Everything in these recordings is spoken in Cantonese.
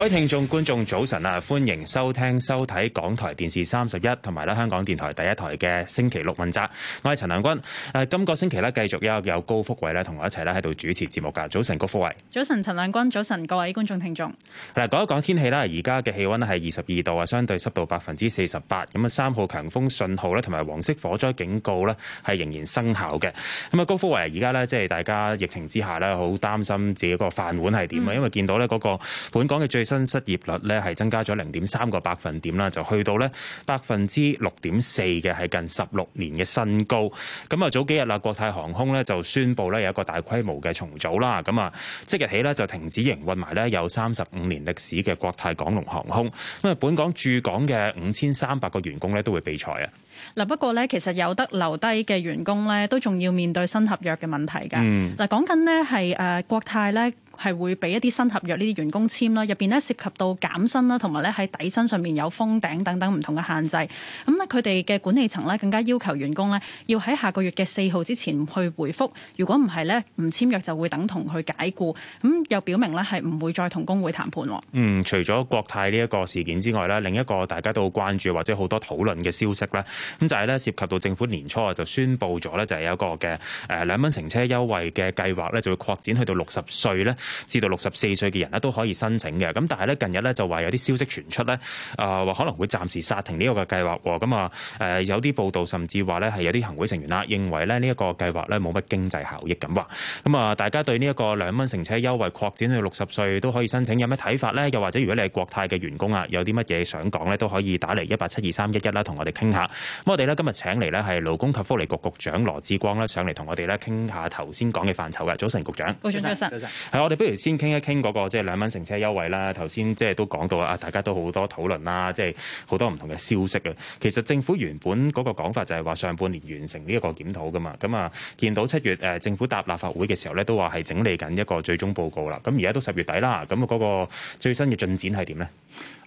各位聽眾觀眾早晨啊，歡迎收聽收睇港台電視三十一同埋咧香港電台第一台嘅星期六問責。我係陳亮君，喺今個星期呢，繼續有有高福偉呢同我一齊呢喺度主持節目噶。早晨，高福偉，早晨，陳亮君，早晨，各位觀眾聽眾。嗱，講一講天氣啦，而家嘅氣溫咧係二十二度啊，相對濕度百分之四十八。咁啊，三號強風信號呢，同埋黃色火災警告呢，係仍然生效嘅。咁啊，高福偉而家呢，即係大家疫情之下呢，好擔心自己個飯碗係點啊，嗯、因為見到呢嗰個本港嘅最新失業率咧係增加咗零點三個百分點啦，就去到咧百分之六點四嘅，係近十六年嘅新高。咁啊，早幾日啦，國泰航空咧就宣布咧有一個大規模嘅重組啦。咁啊，即日起咧就停止營運埋咧有三十五年歷史嘅國泰港龍航空。咁啊，本港駐港嘅五千三百個員工咧都會被裁啊。嗱不過咧，其實有得留低嘅員工咧，都仲要面對新合約嘅問題㗎。嗱，講緊呢係誒國泰咧係會俾一啲新合約呢啲員工簽啦，入邊咧涉及到減薪啦，同埋咧喺底薪上面有封頂等等唔同嘅限制。咁咧佢哋嘅管理層咧更加要求員工咧要喺下個月嘅四號之前去回覆，如果唔係咧唔簽約就會等同去解雇。咁又表明咧係唔會再同工會談判。嗯，除咗國泰呢一個事件之外咧，另一個大家都好關注或者好多討論嘅消息咧。咁就係咧，涉及到政府年初就宣布咗咧，就係有一個嘅誒兩蚊乘車優惠嘅計劃咧，就會擴展去到六十歲咧，至到六十四歲嘅人咧都可以申請嘅。咁但係咧，近日咧就話有啲消息傳出咧，啊話可能會暫時剎停呢一個計劃。咁啊誒有啲報道甚至話咧係有啲行會成員啊認為咧呢一個計劃咧冇乜經濟效益咁話。咁啊大家對呢一個兩蚊乘車優惠擴展去到六十歲都可以申請有咩睇法咧？又或者如果你係國泰嘅員工啊，有啲乜嘢想講咧都可以打嚟一八七二三一一啦，同我哋傾下。咁我哋咧今日請嚟咧係勞工及福利局局長羅志光咧上嚟同我哋咧傾下頭先講嘅範疇嘅。早晨，局長。早晨，早晨。係上上，我哋不如先傾一傾嗰、嗰個即係兩蚊乘車優惠啦。頭先即係都講到啊，大家都好多討論啦，即係好多唔同嘅消息嘅。其實政府原本嗰個講法就係話上半年完成呢一個檢討噶嘛。咁啊，見到七月誒、呃、政府答立法會嘅時候咧，都話係整理緊一個最終報告啦。咁而家都十月底啦，咁啊嗰個最新嘅進展係點咧？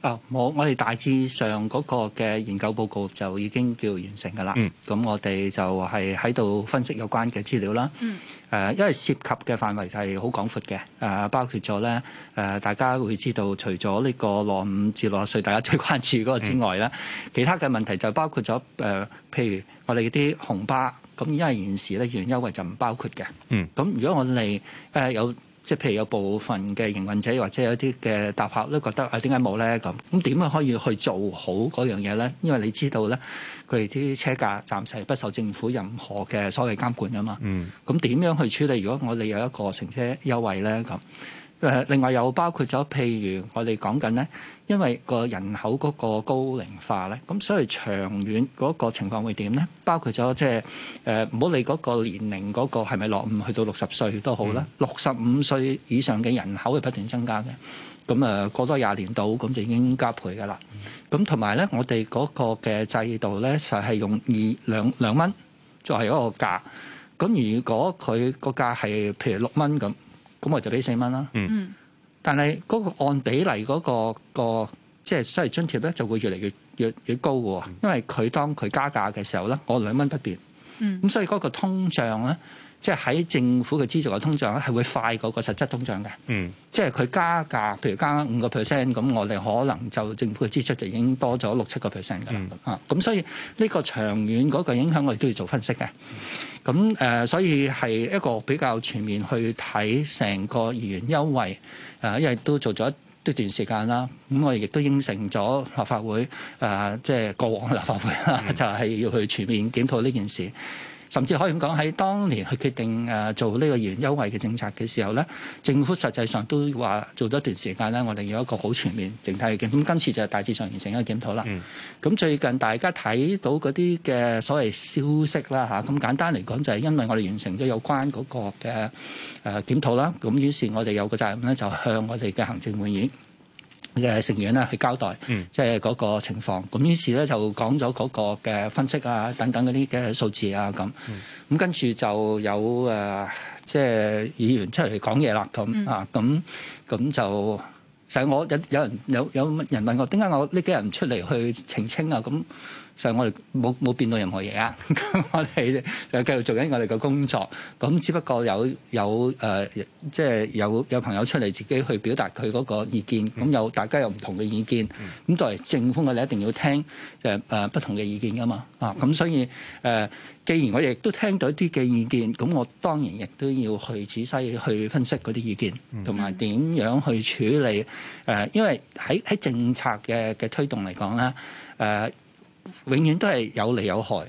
啊、oh！我我哋大致上嗰個嘅研究報告就已經叫完成噶啦。嗯，咁我哋就係喺度分析有關嘅資料啦。嗯，誒、呃，因為涉及嘅範圍係好廣闊嘅。誒、呃，包括咗咧誒，大家會知道，除咗呢個落五至六十歲大家最關注嗰個之外咧，嗯、其他嘅問題就包括咗誒、呃，譬如我哋啲紅巴咁、呃，因為現時咧原優惠就唔包括嘅。嗯，咁如果我哋誒、呃、有。即係譬如有部分嘅營運者或者有啲嘅搭客都覺得啊，點解冇咧，咁咁點樣可以去做好嗰樣嘢咧？因為你知道咧，佢哋啲車價暫時係不受政府任何嘅所謂監管啊嘛。咁點樣去處理？如果我哋有一個乘車優惠咧咁。另外又包括咗，譬如我哋講緊咧，因為個人口嗰個高齡化咧，咁所以長遠嗰個情況會點咧？包括咗即係誒，唔好理嗰個年齡嗰個係咪落去到六十歲都好啦，六十五歲以上嘅人口係不斷增加嘅。咁誒過多廿年度咁就已經加倍㗎喇。咁同埋咧，我哋嗰個嘅制度咧就係用二兩兩蚊作為嗰個價。咁如果佢個價係譬如六蚊咁。咁我就俾四蚊啦。嗯，但係嗰個按比例嗰、嗰個即係所謂津貼咧，就會越嚟越越越高喎。因為佢當佢加價嘅時候咧，我兩蚊不變。嗯，咁所以嗰個通脹咧。即係喺政府嘅資助嘅通脹咧，係會快過個實質通脹嘅。嗯，即係佢加價，譬如加五個 percent，咁我哋可能就政府嘅支出就已經多咗六七個 percent 㗎喇。啊，咁、嗯嗯、所以呢個長遠嗰個影響，我哋都要做分析嘅。咁誒、呃，所以係一個比較全面去睇成個兩元優惠。誒、呃，因為都做咗一段時間啦。咁我哋亦都應承咗立法會。誒、呃，即、就、係、是、過往嘅立法會啦，嗯、 就係要去全面檢討呢件事。甚至可以咁講，喺當年去決定誒做呢個兩元優惠嘅政策嘅時候咧，政府實際上都話做咗一段時間咧，我哋要一個好全面整體嘅檢討。咁今次就係大致上完成一個檢討啦。咁、嗯、最近大家睇到嗰啲嘅所謂消息啦嚇，咁簡單嚟講就係因為我哋完成咗有關嗰個嘅誒檢討啦。咁於是，我哋有個責任咧，就向我哋嘅行政會議嘅成員啦去交代，即係嗰個情況。咁、嗯、於是咧就講咗嗰個嘅分析啊，等等嗰啲嘅數字啊咁。咁、嗯、跟住就有誒，即、呃、係、就是、議員出嚟講嘢啦咁啊。咁咁、嗯啊、就就是、我有有人有有人問我，點解我呢幾日唔出嚟去澄清啊咁？嗯就係我哋冇冇變到任何嘢啊！我哋就繼續做緊我哋嘅工作，咁只不過有有誒，即、呃、係、就是、有有朋友出嚟自己去表達佢嗰個意見，咁有大家有唔同嘅意見，咁作為政府，我哋一定要聽誒誒、就是呃、不同嘅意見噶嘛啊！咁所以誒、呃，既然我哋都聽到一啲嘅意見，咁我當然亦都要去仔細去分析嗰啲意見，同埋點樣去處理誒、呃，因為喺喺政策嘅嘅推動嚟講咧誒。呃永遠都係有利有害，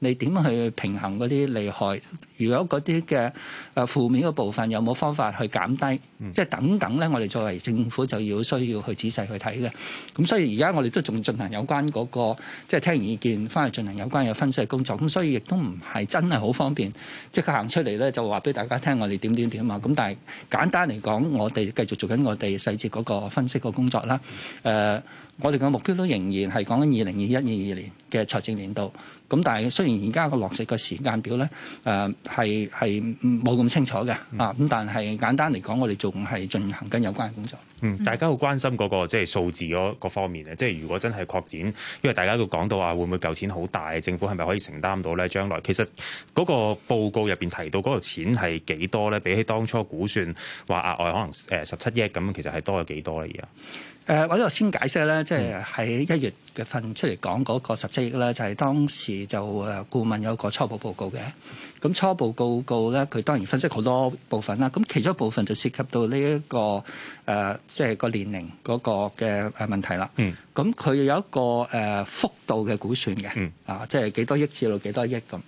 你點樣去平衡嗰啲利害？如果嗰啲嘅誒負面嘅部分有冇方法去減低，嗯、即係等等咧，我哋作為政府就要需要去仔細去睇嘅。咁所以而家我哋都仲進行有關嗰、嗰個，即、就、係、係、聽完意見，翻去進行有關嘅分析工作。咁所以亦都唔係真係好方便，即刻行出嚟咧就話俾大家聽我哋點點點啊！咁但係簡單嚟講，我哋繼續做緊我哋細節嗰個分析個工作啦。誒、嗯呃，我哋嘅目標都仍然係講緊二零二一二二年嘅財政年度。咁但係雖然而家個落實個時間表咧，誒、呃。係係冇咁清楚嘅啊！咁但係簡單嚟講，我哋仲係進行緊有關嘅工作。嗯，大家好關心嗰個即係數字嗰方面咧，即係如果真係擴展，因為大家都講到話會唔會舊錢好大，政府係咪可以承擔到呢？將來其實嗰個報告入邊提到嗰個錢係幾多呢？比起當初估算話額外可能誒十七億咁，其實係多咗幾多咧而家？誒，我咧先解釋咧，即係喺一月嘅份出嚟講嗰個十七億咧，就係當時就誒顧問有個初步報告嘅。咁初步報告咧，佢當然分析好多部分啦。咁其中一部分就涉及到呢一個誒，即係個年齡嗰個嘅誒問題啦。咁佢有一個誒幅度嘅估算嘅，啊，即係幾多億至到幾多億咁。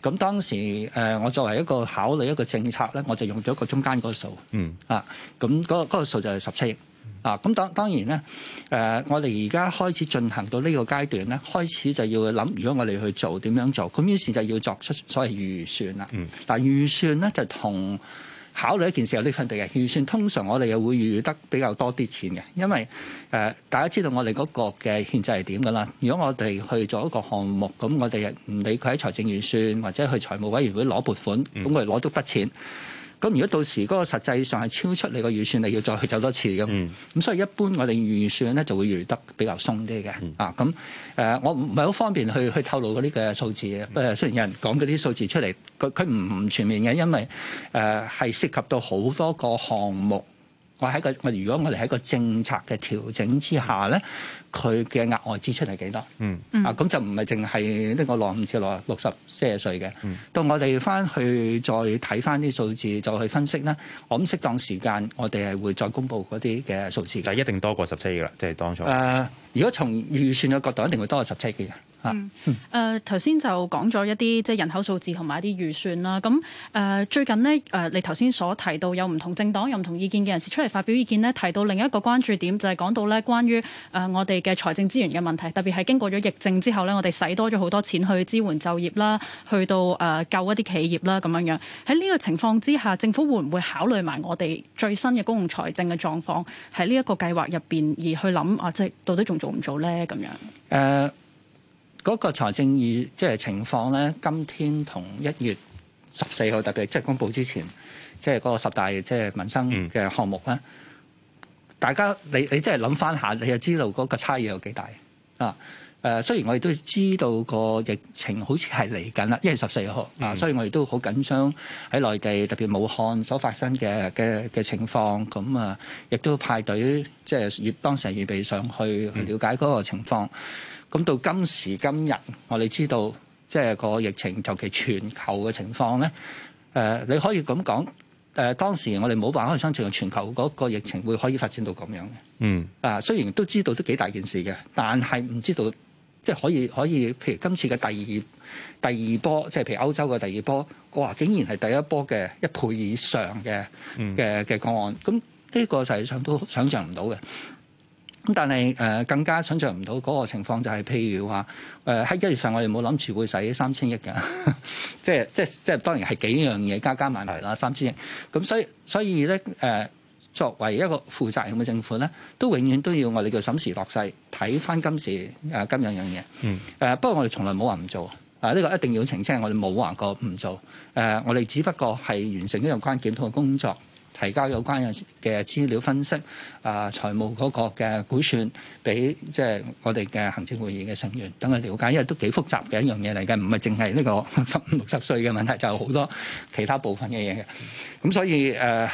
咁當時誒，我作為一個考慮一個政策咧，我就用咗個中間嗰個數。嗯。啊，咁嗰個嗰個數就係十七億。啊，咁當當然咧，誒、呃，我哋而家開始進行到呢個階段咧，開始就要諗，如果我哋去做點樣做，咁於是就要作出所謂預算啦。嗱、嗯，預算咧就同考慮一件事有啲分別嘅。預算通常我哋又會預得比較多啲錢嘅，因為誒、呃，大家知道我哋嗰個嘅憲制係點噶啦。如果我哋去做一個項目，咁我哋唔理佢喺財政預算或者去財務委員會攞撥款，咁、嗯、我哋攞到筆錢。咁如果到時嗰個實際上係超出你個預算，你要再去走多次咁。咁、嗯、所以一般我哋預算咧就會預得比較鬆啲嘅。嗯、啊，咁誒、呃，我唔係好方便去去透露嗰啲嘅數字嘅。雖、呃、雖然有人講嗰啲數字出嚟，佢佢唔全面嘅，因為誒係、呃、涉及到好多個項目。我喺個我如果我哋喺個政策嘅調整之下咧。嗯佢嘅額外支出係幾多？嗯，啊，咁就唔係淨係呢個六五至六六十四歲嘅。嗯、到我哋翻去再睇翻啲數字，就去分析啦。我諗適當時間，我哋係會再公布嗰啲嘅數字。就一定多過十七嘅啦，即、就、係、是、當初。誒、呃，如果從預算嘅角度，一定會多過十七嘅。嚇，誒，頭先就講咗一啲即係人口數字同埋一啲預算啦。咁誒、呃，最近呢，誒、呃，你頭先所提到有唔同政黨有唔同意見嘅人士出嚟發表意見呢，提到另一個關注點就係、是、講到咧關於誒、呃、我哋嘅財政資源嘅問題，特別係經過咗疫症之後咧，我哋使多咗好多錢去支援就業啦，去到誒救一啲企業啦咁樣樣。喺呢個情況之下，政府會唔會考慮埋我哋最新嘅公共財政嘅狀況喺呢一個計劃入邊，而去諗啊，即係到底仲做唔做咧咁樣？誒，嗰個財政意，即係情況咧，今天同一月十四號特別即係公佈之前，即係嗰個十大即係民生嘅項目咧。嗯大家你你真係諗翻下，你就知道嗰個差異有幾大啊？誒、呃，雖然我哋都知道個疫情好似係嚟緊啦，一月十四號啊，所以我哋都好緊張喺內地特別武漢所發生嘅嘅嘅情況。咁啊，亦都派隊即係當時預備上去去了解嗰個情況。咁、嗯、到今時今日，我哋知道即係個疫情尤其全球嘅情況咧。誒、啊，你可以咁講。誒，當時我哋冇辦法去想像全球嗰個疫情會可以發展到咁樣嘅。嗯，啊雖然都知道都幾大件事嘅，但係唔知道即係可以可以，可以譬如今次嘅第二第二波，即係譬如歐洲嘅第二波，哇竟然係第一波嘅一倍以上嘅嘅嘅個案，咁呢個實際上都想象唔到嘅。咁但係誒、呃、更加想象唔到嗰個情況就係、是、譬如話誒喺一月份我哋冇諗住會使三千億㗎，即係即係即係當然係幾樣嘢加加埋埋啦，三千億。咁所以所以咧誒、呃、作為一個負責任嘅政府咧，都永遠都要我哋叫審時度勢，睇返今時誒、呃、今日樣嘢。嗯誒、呃、不過我哋從來冇話唔做啊！呢、這個一定要澄清，我哋冇話過唔做。誒、呃、我哋只不過係完成一樣關鍵嘅工作。提交有關嘅資料分析，啊，財務嗰個嘅估算，俾即係我哋嘅行政會議嘅成員等佢了解，因為都幾複雜嘅一樣嘢嚟嘅，唔係淨係呢個十五六十歲嘅問題，就好、是、多其他部分嘅嘢嘅。咁、嗯、所以誒、呃、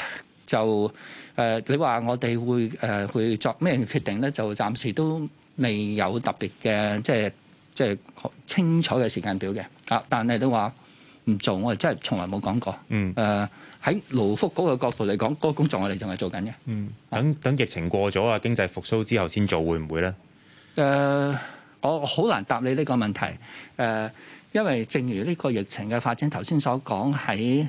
就誒、呃、你話我哋會誒去、呃、作咩決定咧？就暫時都未有特別嘅即係即係清楚嘅時間表嘅。啊，但係都話唔做，我哋真係從來冇講過。嗯。誒、呃。喺勞福局嘅角度嚟講，嗰個工作我哋仲係做緊嘅。嗯，等等疫情過咗啊，經濟復甦之後先做，會唔會咧？誒，uh, 我好難答你呢個問題。誒，uh, 因為正如呢個疫情嘅發展，頭先所講喺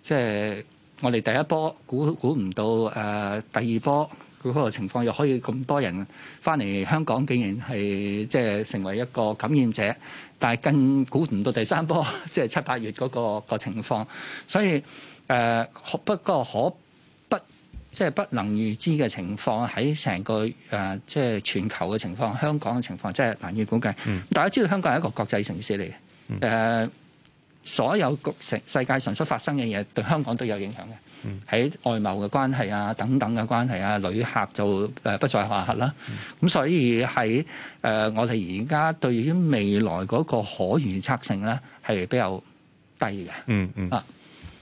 即係我哋第一波估估唔到誒，uh, 第二波嗰個情況又可以咁多人翻嚟香港，竟然係即係成為一個感染者。但係更估唔到第三波，即係七八月嗰個個情況，所以。誒、呃，不過、那個、可不，即係不能預知嘅情況喺成個誒、呃，即係全球嘅情況，香港嘅情況真係難以估計。嗯、大家知道香港係一個國際城市嚟嘅，誒、呃，所有國城世界上所發生嘅嘢對香港都有影響嘅。喺、嗯、外貿嘅關係啊，等等嘅關係啊，旅客就誒不在話下啦。咁、嗯、所以喺誒、呃、我哋而家對於未來嗰個可預測性咧係比較低嘅、嗯。嗯嗯啊。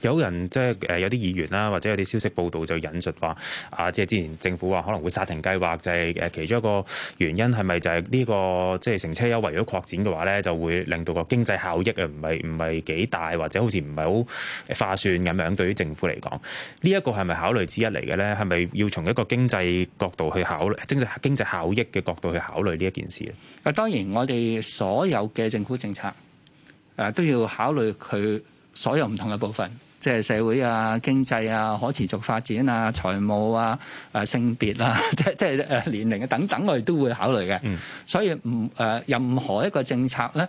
有人即係誒有啲議員啦，或者有啲消息報導就引述話啊，即係之前政府話可能會殺停計劃，就係、是、誒其中一個原因係咪就係呢、這個即係、就是、乘車優惠如果擴展嘅話咧，就會令到個經濟效益啊，唔係唔係幾大，或者好似唔係好劃算咁樣對於政府嚟講，呢一個係咪考慮之一嚟嘅咧？係咪要從一個經濟角度去考慮經濟經濟效益嘅角度去考慮呢一件事啊。當然我哋所有嘅政府政策誒都要考慮佢所有唔同嘅部分。即係社會啊、經濟啊、可持續發展啊、財務啊、啊性別啊、即係即係誒年齡啊等等，我哋都會考慮嘅。Mm. 所以唔、呃、任何一個政策咧，誒、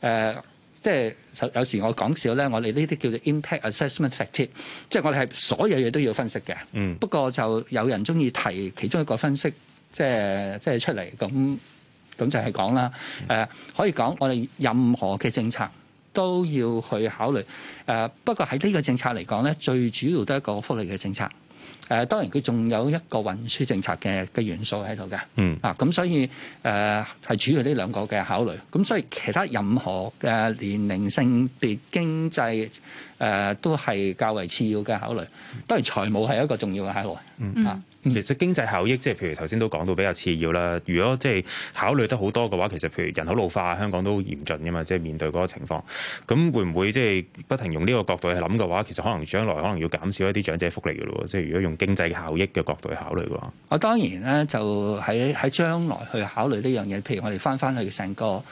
呃、即係有時我講少咧，我哋呢啲叫做 impact assessment factor，即係我哋係所有嘢都要分析嘅。Mm. 不過就有人中意提其中一個分析，即係即出嚟咁咁就係講啦、呃。可以講，我哋任何嘅政策。都要去考慮，誒不過喺呢個政策嚟講咧，最主要都係一個福利嘅政策，誒當然佢仲有一個運輸政策嘅嘅元素喺度嘅，嗯啊，咁所以誒係主要呢兩個嘅考慮，咁所以其他任何嘅年齡、性別、經濟誒都係較為次要嘅考慮，當然財務係一個重要嘅考慮，嗯。嗯。嗯、其實經濟效益即係，譬如頭先都講到比較次要啦。如果即係考慮得好多嘅話，其實譬如人口老化，香港都好嚴峻㗎嘛，即係面對嗰個情況。咁會唔會即係不停用呢個角度去諗嘅話，其實可能將來可能要減少一啲長者福利嘅咯。即係如果用經濟效益嘅角度去考慮嘅話，我當然咧就喺喺將來去考慮呢樣嘢。譬如我哋返返去成個誒、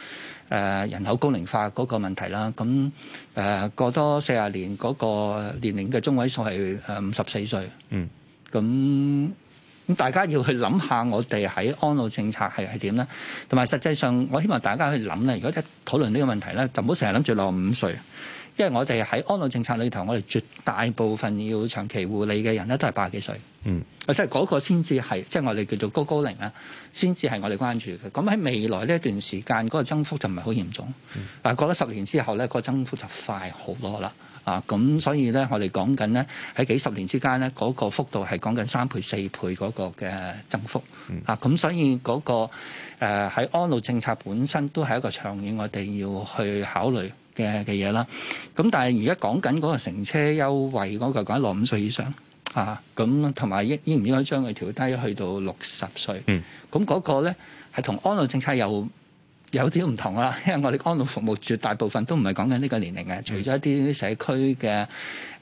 呃、人口高齡化嗰個問題啦。咁誒、呃、過多四十年嗰、那個年齡嘅中位數係誒五十四歲。嗯，咁。大家要去諗下，我哋喺安老政策係係點咧？同埋實際上，我希望大家去諗咧。如果一討論呢個問題咧，就唔好成日諗住六五歲，因為我哋喺安老政策裏頭，我哋絕大部分要長期護理嘅人咧，都係八十幾歲。嗯，即係嗰個先至係，即係我哋叫做高高齡啊，先至係我哋關注嘅。咁喺未來呢一段時間，嗰、那個增幅就唔係好嚴重。但係、嗯、過咗十年之後咧，嗰、那個增幅就快好多啦。啊，咁所以咧，我哋講緊咧喺幾十年之間咧，嗰、那個幅度係講緊三倍四倍嗰個嘅增幅。咁、嗯啊、所以嗰、那個喺、呃、安老政策本身都係一個長遠我哋要去考慮嘅嘅嘢啦。咁但係而家講緊嗰個乘車優惠嗰、那個講緊六五歲以上咁，同埋應應唔應該將佢調低去到六十歲？嗯，咁嗰個咧係同安老政策有。有啲唔同啦，因為我哋安老服務絕大部分都唔係講緊呢個年齡嘅，除咗一啲社區嘅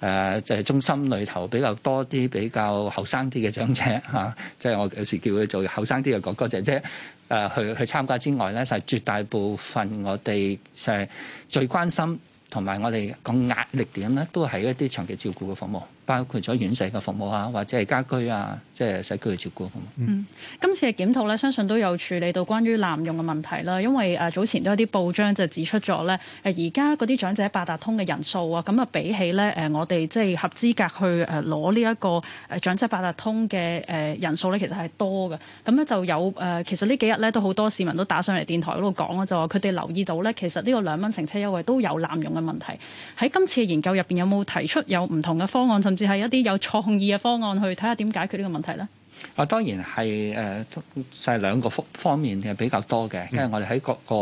誒，就係、是、中心裏頭比較多啲比較後生啲嘅長者嚇，即、啊、係、就是、我有時叫佢做後生啲嘅哥哥姐姐誒去去參加之外咧，就係、是、絕大部分我哋就係最關心同埋我哋講壓力點咧，都係一啲長期照顧嘅服務。包括咗院舍嘅服務啊，或者係家居啊，即係社區嘅照顧。嗯，今次嘅檢討咧，相信都有處理到關於濫用嘅問題啦。因為誒早前都有啲報章就指出咗咧，誒而家嗰啲長者八達通嘅人數啊，咁啊比起咧誒我哋即係合資格去誒攞呢一個誒長者八達通嘅誒人數咧，其實係多嘅。咁咧就有誒，其實呢幾日咧都好多市民都打上嚟電台嗰度講啦，就話佢哋留意到咧，其實呢個兩蚊乘車優惠都有濫用嘅問題。喺今次嘅研究入邊有冇提出有唔同嘅方案，就係一啲有創意嘅方案去睇下點解決呢個問題咧？啊，當然係誒，就、呃、係兩個方方面嘅比較多嘅，因為我哋喺各個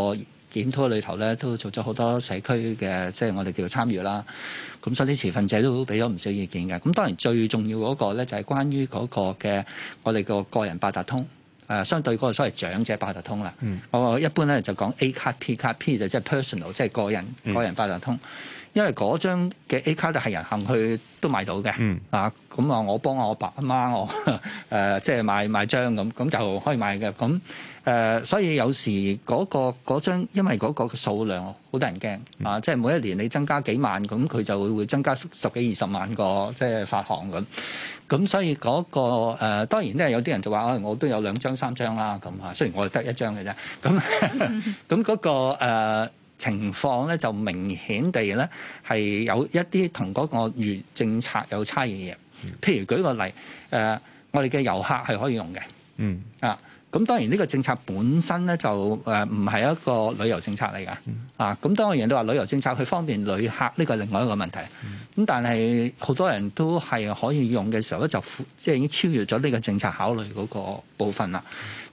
檢討裏頭咧，都做咗好多社區嘅，即、就、係、是、我哋叫做參與啦。咁所以啲持份者都俾咗唔少意見嘅。咁當然最重要嗰個咧，就係關於嗰個嘅我哋個個人八達通誒、呃，相對嗰個所謂長者八達通啦。嗯、我一般咧就講 A 卡、P 卡、P 就即係 personal，即係個人個人八達通。嗯嗯因為嗰張嘅 A 卡都係人行去都買到嘅，嗯、啊咁啊我幫我爸阿媽，我誒即係買買一張咁，咁就可以買嘅。咁誒、呃，所以有時嗰、那個嗰張，因為嗰個數量好得人驚啊！即、就、係、是、每一年你增加幾萬，咁佢就會增加十幾二十萬個即係、就是、發行咁。咁所以嗰、那個誒、呃，當然咧有啲人就話、哎、我都有兩張三張啦咁啊，雖然我得一張嘅啫。咁咁嗰個、呃情況咧就明顯地咧係有一啲同嗰個原政策有差異嘅嘢，譬如舉個例，誒我哋嘅遊客係可以用嘅，嗯啊，咁當然呢個政策本身咧就誒唔係一個旅遊政策嚟㗎。啊，咁當然人都話旅遊政策佢方便旅客呢個另外一個問題，咁但係好多人都係可以用嘅時候咧就即係已經超越咗呢個政策考慮嗰個部分啦，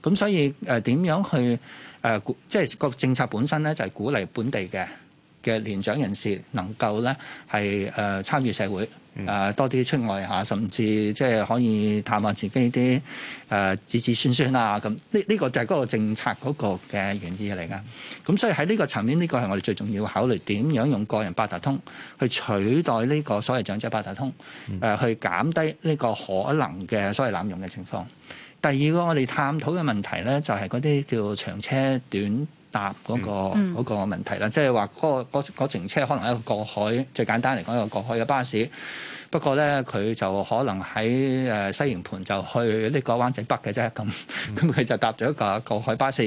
咁所以誒點樣去？誒，即係個政策本身咧，就係鼓勵本地嘅嘅年長人士能夠咧係誒參與社會，誒、呃、多啲出外嚇，甚至即係可以探望自己啲誒、呃、子子孫孫啊咁。呢呢個就係嗰個政策嗰個嘅原意嚟㗎。咁所以喺呢個層面，呢、呢個係我哋最重要考慮點樣用個人八達通去取代呢個所謂長者八達通、呃，去減低呢個可能嘅所謂濫用嘅情況。第二個我哋探討嘅問題呢，就係嗰啲叫長車短搭嗰、嗰個嗰、嗯、個問題啦，即係話嗰嗰程車可能一個過海，最簡單嚟講，一個過海嘅巴士。不過咧，佢就可能喺誒西營盤就去呢個灣仔北嘅啫，咁咁佢就搭咗一架過海巴士，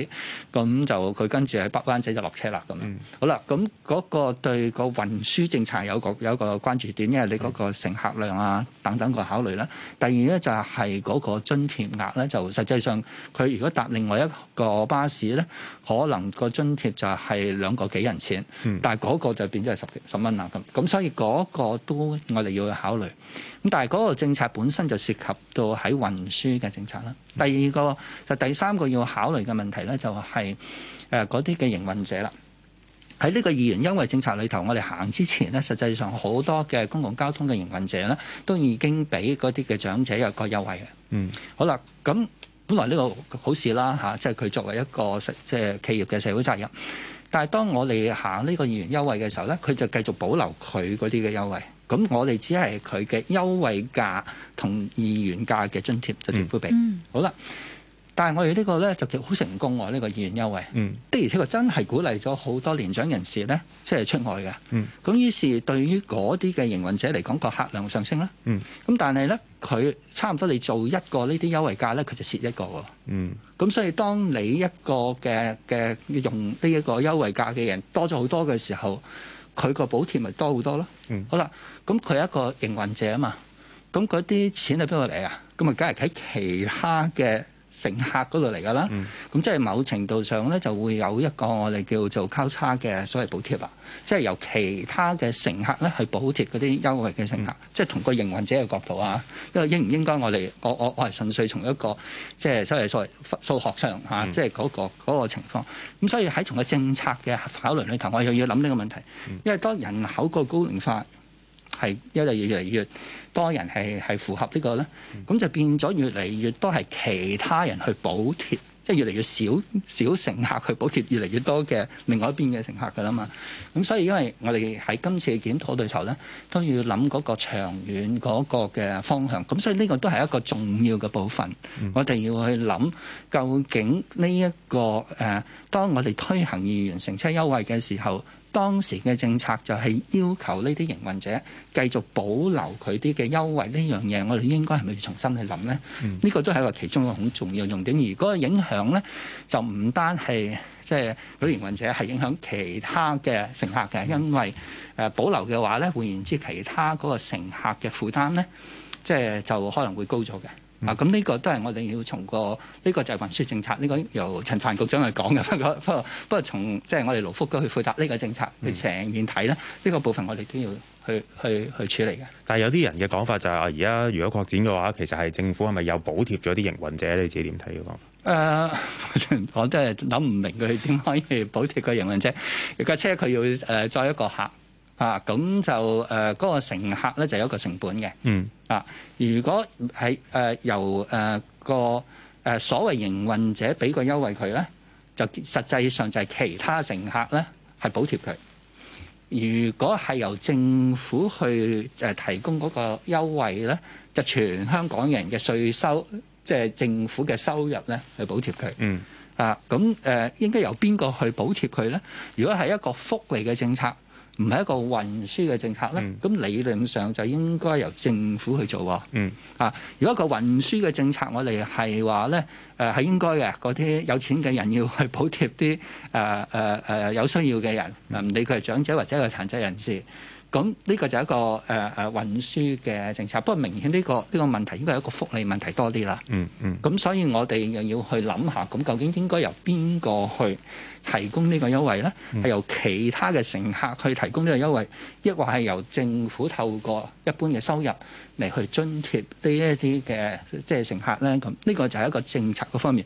咁就佢跟住喺北灣仔就落車啦。咁、嗯，好啦，咁嗰個對個運輸政策有個有一個關注點，因為你嗰個乘客量啊等等個考慮啦。第二咧就係嗰個津貼額咧，就實際上佢如果搭另外一個巴士咧，可能個津貼就係兩個幾人錢，但係嗰個就變咗係十幾十蚊啊。咁咁所以嗰個都我哋要去考慮。咁但係嗰個政策本身就涉及到喺運輸嘅政策啦。第二個就第三個要考慮嘅問題呢，就係誒嗰啲嘅營運者啦。喺呢個二元優惠政策裏頭，我哋行之前呢，實際上好多嘅公共交通嘅營運者呢，都已經俾嗰啲嘅長者有個優惠嘅。嗯好，好啦，咁本來呢個好事啦吓，即係佢作為一個即係企業嘅社會責任。但係當我哋行呢個二元優惠嘅時候呢，佢就繼續保留佢嗰啲嘅優惠。咁我哋只係佢嘅優惠價同二元價嘅津貼就政府畀、嗯嗯、好啦。但係我哋呢個呢就叫好成功喎、啊、呢、呢個二元優惠。嗯、的而且確真係鼓勵咗好多年長人士呢，即、就、係、是、出外嘅。咁、嗯、於是對於嗰啲嘅營運者嚟講，個客量上升啦。咁、嗯、但係呢，佢差唔多你做一個呢啲優惠價呢，佢就蝕一個喎。咁、嗯、所以當你一個嘅嘅用呢一個優惠價嘅人多咗好多嘅時候，佢個補貼咪多好多咯？好啦，咁佢係一個營運者啊嘛，咁嗰啲錢係邊度嚟啊？咁咪梗係睇其他嘅。乘客嗰度嚟㗎啦，咁、嗯、即係某程度上咧就會有一個我哋叫做交叉嘅所謂補貼啦，即係由其他嘅乘客咧去補貼嗰啲優惠嘅乘客，嗯、即係同個營運者嘅角度啊，因為應唔應該我哋我我我係純粹從一個即係所謂數學上嚇，即係嗰個嗰、嗰個、情況咁，所以喺從個政策嘅考慮裏頭，我又要諗呢個問題，因為當人口個高齡化。係越嚟越嚟越多人係係符合呢、這個咧，咁就變咗越嚟越多係其他人去補貼，即、就、係、是、越嚟越少少乘客去補貼，越嚟越多嘅另外一邊嘅乘客㗎喇嘛。咁所以因為我哋喺今次嘅檢討裏頭咧，都要諗嗰個長遠嗰個嘅方向。咁所以呢個都係一個重要嘅部分，我哋要去諗究竟呢、這、一個誒、呃，當我哋推行二元乘車優惠嘅時候。當時嘅政策就係要求呢啲營運者繼續保留佢啲嘅優惠呢樣嘢，這個、我哋應該係咪要重新去諗咧？呢個都係一個其中一個好重要嘅用點而。而、那、嗰、個、影響咧，就唔單係即係嗰啲營運者係影響其他嘅乘客嘅，嗯、因為誒保留嘅話咧，換言之，其他嗰個乘客嘅負擔咧，即、就、係、是、就可能會高咗嘅。嗯、啊！咁、這、呢個都係我哋要從個呢、這個就係運輸政策，呢、這個由陳帆局長去講嘅。不過不過不過，從即係我哋勞福局去負責呢個政策，去成面睇咧，呢、這個部分我哋都要去去去處理嘅。但係有啲人嘅講法就係、是，而家如果擴展嘅話，其實係政府係咪有補貼咗啲營運者？你自己點睇呢個？誒、呃，我真係諗唔明佢點可以補貼個營運者？個車佢要誒載一個客啊，咁就誒嗰、呃那個乘客咧就有一個成本嘅。嗯。啊！如果係誒由誒個誒所謂營運者俾個優惠佢咧，就實際上就係其他乘客咧係補貼佢。如果係由政府去誒提供嗰個優惠咧，就全香港人嘅稅收，即係政府嘅收入咧去補貼佢。嗯。啊，咁誒應該由邊個去補貼佢咧？如果係一個福利嘅政策。唔係一個運輸嘅政策咧，咁理論上就應該由政府去做喎。啊，如果一個運輸嘅政策，我哋係話咧，誒係應該嘅，嗰啲有錢嘅人要去補貼啲誒誒誒有需要嘅人，嗱唔理佢係長者或者係殘疾人士。咁呢個就一個誒誒、呃、運輸嘅政策，不過明顯呢、這個呢、這個問題應該係一個福利問題多啲啦、嗯。嗯嗯。咁所以我哋又要去諗下，咁究竟應該由邊個去提供呢個優惠咧？係、嗯、由其他嘅乘客去提供呢個優惠，一或係由政府透過一般嘅收入嚟去津貼呢一啲嘅即係乘客咧。咁呢個就係一個政策嗰方面。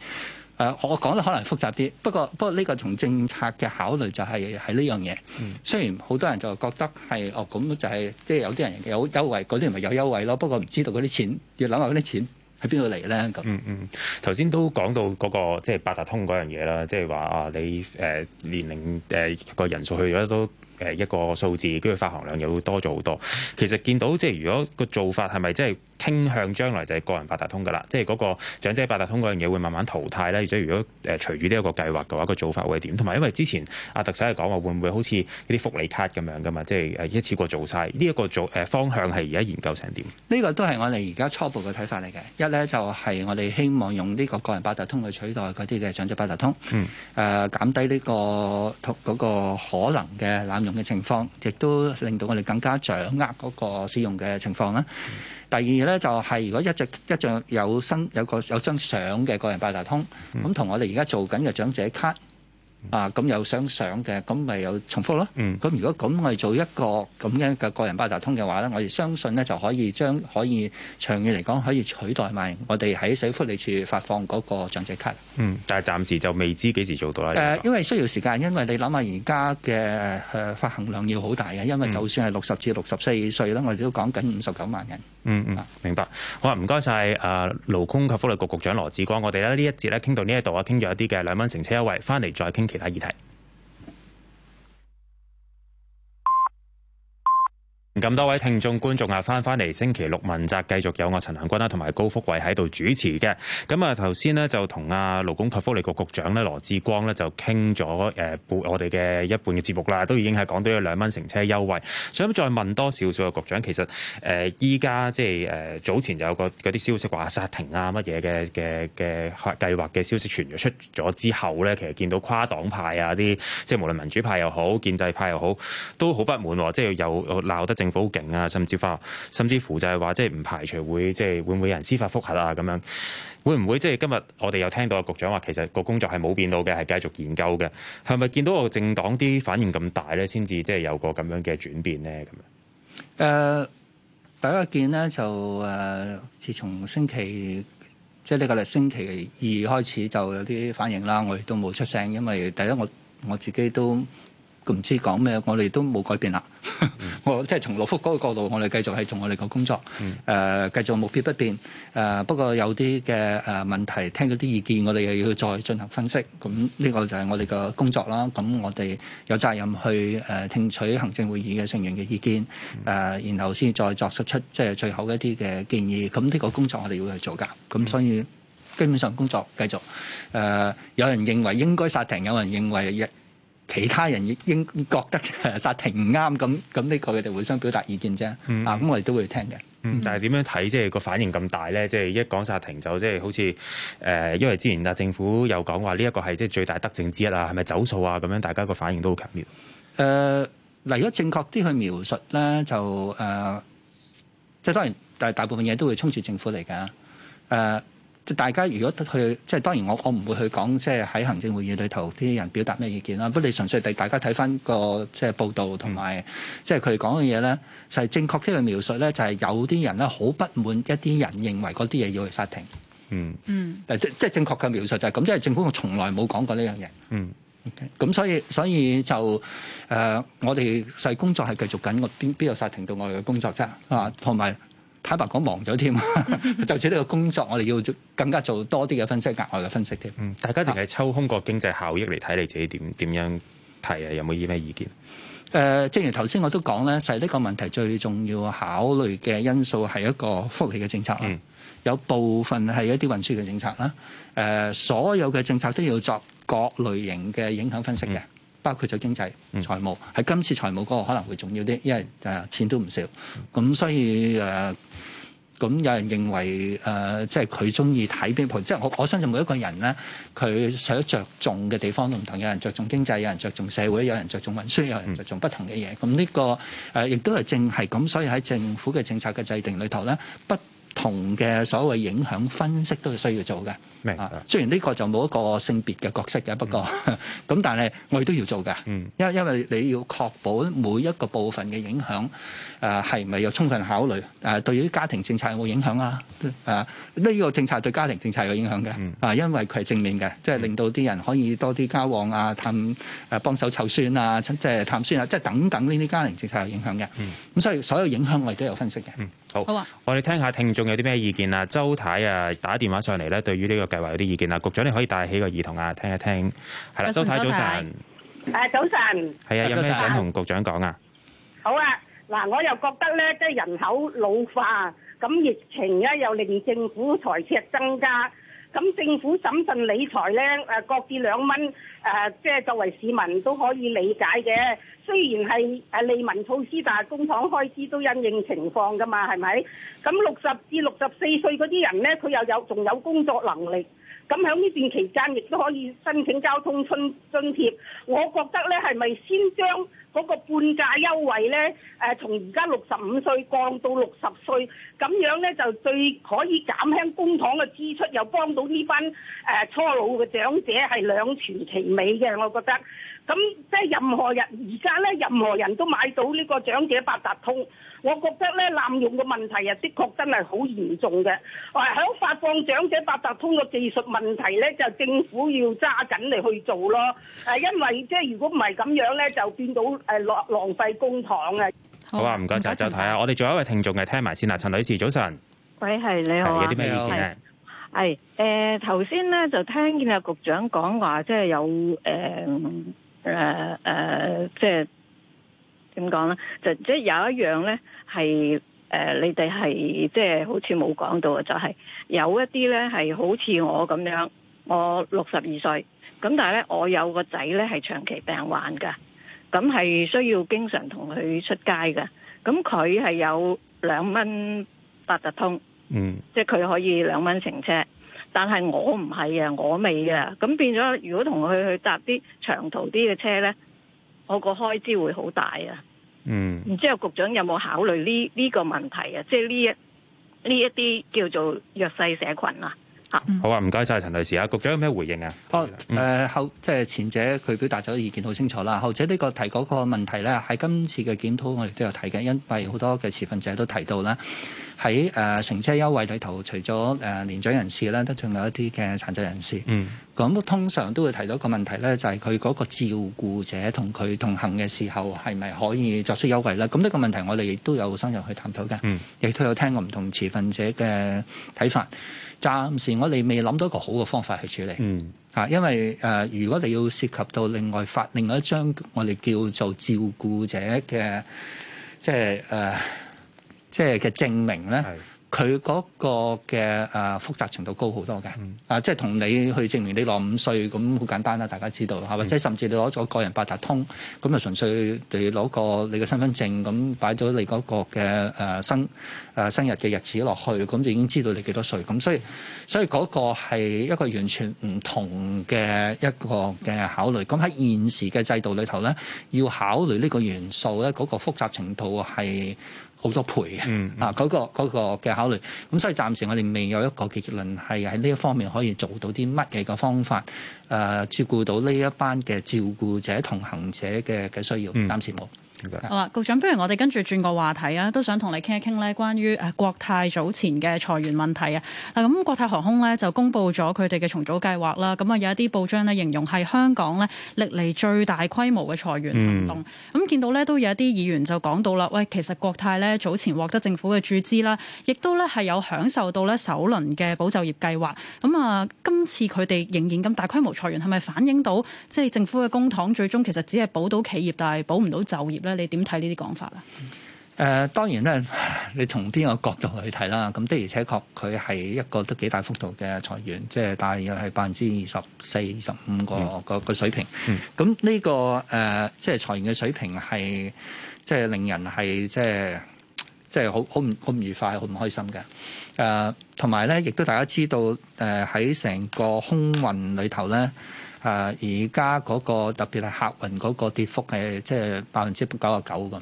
我講得可能複雜啲，不過不過呢個從政策嘅考慮就係喺呢樣嘢。雖然好多人就覺得係哦，咁就係即係有啲人有優惠，嗰啲人咪有優惠咯。不過唔知道嗰啲錢，要諗下嗰啲錢喺邊度嚟咧咁。嗯嗯，頭先都講到嗰、那個即係八達通嗰樣嘢啦，即係話啊，你誒、呃、年齡誒個、呃、人數去咗都誒一個數字，跟住發行量又會多咗好多。其實見到即係、就是、如果個做法係咪即係？傾向將來就係個人八達通噶啦，即係嗰個長者八達通嗰樣嘢會慢慢淘汰啦。而且如果誒隨住呢一個計劃嘅話，個做法會點？同埋因為之前阿特首係講話會唔會好似嗰啲福利卡咁樣噶嘛，即係一次過做晒呢一個做、呃、方向係而家研究成點？呢個都係我哋而家初步嘅睇法嚟嘅。一呢就係、是、我哋希望用呢個個人八達通去取代嗰啲嘅長者八達通，誒減、嗯呃、低呢、呢個嗰、嗰個可能嘅濫用嘅情況，亦都令到我哋更加掌握嗰個使用嘅情況啦。嗯第二咧就係、是，如果一張一張有新，有個有張相嘅個人八達通，咁同我哋而家做緊嘅長者卡。啊，咁有雙雙嘅，咁咪有重複咯。嗯。咁如果咁我哋做一個咁樣嘅個人八達通嘅話咧，我哋相信咧就可以將可以長遠嚟講可以取代埋我哋喺社會福利署發放嗰個長者卡。嗯，但係暫時就未知幾時做到啦。誒，因為需要時間，因為你諗下而家嘅誒發行量要好大嘅，因為就算係六十至六十四歲啦，我哋都講緊五十九萬人。嗯嗯，明白。好啊，唔該曬啊，勞工及福利局局長羅致光，我哋咧呢一節咧傾到呢一度啊，傾咗一啲嘅兩蚊乘車優惠，翻嚟再傾。其他議題。咁多位聽眾觀眾啊，翻翻嚟，星期六問責，文集繼續有我陳良君啦，同埋高福慧喺度主持嘅。咁啊，頭先呢就同啊勞工及福利局局、局長咧羅致光咧就傾咗誒半我哋嘅一半嘅節目啦，都已經係講到有兩蚊乘車優惠。想再問多少少啊，局長，其實誒依家即係誒、呃、早前就有個嗰啲消息話煞停啊乜嘢嘅嘅嘅計劃嘅消息傳咗出咗之後咧，其實見到跨黨派啊啲即係無論民主派又好，建制派又好，都好不滿，即係有鬧得。政府好勁啊，甚至化，甚至乎甚至就係話，即係唔排除會，即係會唔會有人司法覆核啊？咁樣會唔會即係今日我哋有聽到局長話，其實個工作係冇變到嘅，係繼續研究嘅。係咪見到個政黨啲反應咁大咧，先至即係有個咁樣嘅轉變咧？咁樣、呃、大家見咧就誒、呃，自從星期即係呢個禮星期二開始就有啲反應啦。我亦都冇出聲，因為第一我我自己都。佢唔知講咩，我哋都冇改變啦。 mm. 我即係從勞福嗰個角度，我哋繼續係做我哋個工作。誒、mm. 呃，繼續目標不變。誒、呃，不過有啲嘅誒問題，聽咗啲意見，我哋又要再進行分析。咁呢個就係我哋個工作啦。咁我哋有責任去誒聽取行政會議嘅成員嘅意見。誒、mm. 呃，然後先再作出出即係最後一啲嘅建議。咁呢個工作我哋要去做㗎。咁所以基本上工作繼續。誒、呃，有人認為應該煞停，有人認為其他人亦應覺得殺停唔啱，咁咁呢個佢哋互相表達意見啫。嗯、啊，咁我哋都會聽嘅。嗯，但係點樣睇即係個反應咁大咧？即、就、係、是、一講殺停就即係好似誒、呃，因為之前啊政府有講話呢一個係即係最大德政之一啊，係咪走數啊？咁樣大家個反應都好強烈。誒、呃呃，如果正確啲去描述咧，就誒，即、呃、係、就是、當然，但係大部分嘢都會衝住政府嚟㗎誒。呃即係大家如果去，即係當然我我唔會去講，即係喺行政會議裏頭啲人表達咩意見啦。不過你純粹大大家睇翻個即係報道同埋即係佢哋講嘅嘢咧，就係、是、正確啲嘅描述咧，就係有啲人咧好不滿一啲人認為嗰啲嘢要去殺停，嗯嗯，但即係正確嘅描述就係咁，即係政府從來冇講過呢樣嘢。嗯，咁、okay? 所以所以就誒、呃，我哋細工作係繼續緊，我邊度殺停到我哋嘅工作啫。啊，同埋。坦白講，忙咗添。Hmm. 就住呢個工作，我哋要更加做多啲嘅分析，額外嘅分析添。嗯，大家淨係抽空個經濟效益嚟睇、啊、你自己點點樣，樣提啊？有冇啲咩意見？誒、呃，正如頭先我都講咧，係呢個問題最重要嘅考慮嘅因素係一個福利嘅政策啦。嗯、有部分係一啲運輸嘅政策啦。誒、呃，所有嘅政策都要作各類型嘅影響分析嘅，嗯、包括咗經濟、嗯、財務。喺今次財務嗰個可能會重要啲，因為誒錢都唔少。咁、嗯、所以誒。呃咁有人認為誒，即係佢中意睇邊盤？即係我我相信每一個人咧，佢所着重嘅地方都唔同。有人着重經濟，有人着重社會，有人着重運輸，有人着重不同嘅嘢。咁呢個誒，亦都係正係咁，所以喺政府嘅政策嘅制定裏頭咧，不。同嘅所謂影響分析都係需要做嘅，雖然呢個就冇一個性別嘅角色嘅，不過咁、嗯、 但係我哋都要做嘅，因因為你要確保每一個部分嘅影響，係咪有充分考慮？對於家庭政策有冇影響啊？呢個政策對家庭政策有影響嘅，啊，因為佢係正面嘅，即係令到啲人可以多啲交往啊，探啊探、探誒幫手湊孫啊、即係探孫啊，即係等等呢啲家庭政策有影響嘅。咁所以所有影響我哋都有分析嘅。好，好啊、我哋聽下聽,聽眾有啲咩意見啊？周太啊，打電話上嚟咧，對於呢個計劃有啲意見啊，局長你可以帶起個耳筒啊，聽一聽。係啦，啊、周太早晨安。誒安、啊，早晨。係啊，有咩想同局長講啊？安好啊，嗱，我又覺得咧，即係人口老化，咁疫情咧又令政府財赤增加。咁政府審慎理財呢，誒各別兩蚊，誒即係作為市民都可以理解嘅。雖然係誒利民措施，但係工廠開支都因應情況㗎嘛，係咪？咁六十至六十四歲嗰啲人呢，佢又有仲有工作能力。咁喺呢段期間，亦都可以申請交通津津貼。我覺得咧，係咪先將嗰個半價優惠咧、呃，從而家六十五歲降到六十歲，咁樣咧就最可以減輕公帑嘅支出，又幫到呢班誒、呃、初老嘅長者，係兩全其美嘅，我覺得。咁即係任何人而家咧，任何人都買到呢個長者八達通，我覺得咧濫用嘅問題呀的確真係好嚴重嘅。誒，喺發放長者八達通嘅技術問題咧，就政府要揸緊嚟去做咯。誒，因為即係如果唔係咁樣咧，就變到誒浪浪費公帑嘅。好啊，唔該曬周太啊，我哋仲有一位聽眾嘅聽埋先啦，陳女士早晨。喂，係你好啊。有啲咩意見？係誒，頭先咧就聽見阿局長講話，即係有誒。誒誒、呃呃，即係點講咧？就即係有一樣咧，係、呃、誒，你哋係即係好似冇講到嘅，就係、是、有一啲咧係好似我咁樣，我六十二歲，咁但係咧我有個仔咧係長期病患噶，咁係需要經常同佢出街噶，咁佢係有兩蚊八達通，嗯，即係佢可以兩蚊乘車。但係我唔係嘅，我未嘅，咁變咗。如果同佢去搭啲長途啲嘅車咧，我個開支會好大啊。嗯，唔知阿局長有冇考慮呢呢、呢個問題啊？即係呢一呢一啲叫做弱勢社群啦、啊。嚇、嗯，好啊！唔該晒陳女士啊，局長有咩回應啊？哦、啊，誒即係前者佢表達咗意見好清楚啦，後者呢個提嗰個問題咧，喺今次嘅檢討我哋都有提嘅，因為好多嘅持份者都提到啦。喺誒乘車優惠裏頭，除咗誒年長人士啦，都仲有一啲嘅殘疾人士。嗯，咁通常都會提到一個問題咧，就係佢嗰個照顧者同佢同行嘅時候，係咪可以作出優惠咧？咁、這、呢個問題我哋亦都有深入去探討嘅，亦都、嗯、有聽過唔同持份者嘅睇法。暫時我哋未諗到一個好嘅方法去處理。嗯，因為誒、呃，如果你要涉及到另外發另外一張，我哋叫做照顧者嘅，即係誒。呃即係嘅證明咧，佢嗰個嘅誒複雜程度高好多嘅啊！嗯、即係同你去證明你落五歲咁好簡單啦，大家知道吓，或者、嗯、甚至你攞咗個人八達通咁，就純粹你攞個你嘅身份證咁擺咗你嗰個嘅誒生誒、呃、生日嘅日子落去，咁就已經知道你幾多歲咁。所以所以嗰個係一個完全唔同嘅一個嘅考慮。咁喺現時嘅制度裏頭咧，要考慮呢個元素咧，嗰、嗰個複雜程度係。好多倍、嗯嗯、啊嗰、嗰個嗰、嗰個嘅考慮，咁所以暫時我哋未有一個結論，係喺呢一方面可以做到啲乜嘢嘅方法，誒、呃、照顧到呢一班嘅照顧者同行者嘅嘅需要，暫時冇。好啊，局長，不如我哋跟住轉個話題啊，都想同你傾一傾呢，關於誒國泰早前嘅裁員問題啊。嗱，咁國泰航空呢就公布咗佢哋嘅重組計劃啦。咁啊，有一啲報章呢形容係香港呢歷嚟最大規模嘅裁員行動。咁、嗯、見到呢，都有一啲議員就講到啦，喂，其實國泰呢早前獲得政府嘅注資啦，亦都呢係有享受到呢首輪嘅保就業計劃。咁啊，今次佢哋仍然咁大規模裁員，係咪反映到即係政府嘅公帑最終其實只係保到企業，但係保唔到就業呢？你點睇呢啲講法啊？誒、呃，當然咧，你從邊個角度去睇啦？咁的而且確，佢係一個都幾大幅度嘅裁員，即係大約係百分之二十四、十五個個個水平。咁呢、嗯這個誒、呃，即係裁員嘅水平係，即係令人係即係即係好好唔好唔愉快、好唔開心嘅。誒、呃，同埋咧，亦都大家知道，誒喺成個空運裏頭咧。誒，而家嗰個特別係客運嗰個跌幅係即係百分之九啊，九百分之九十九咁，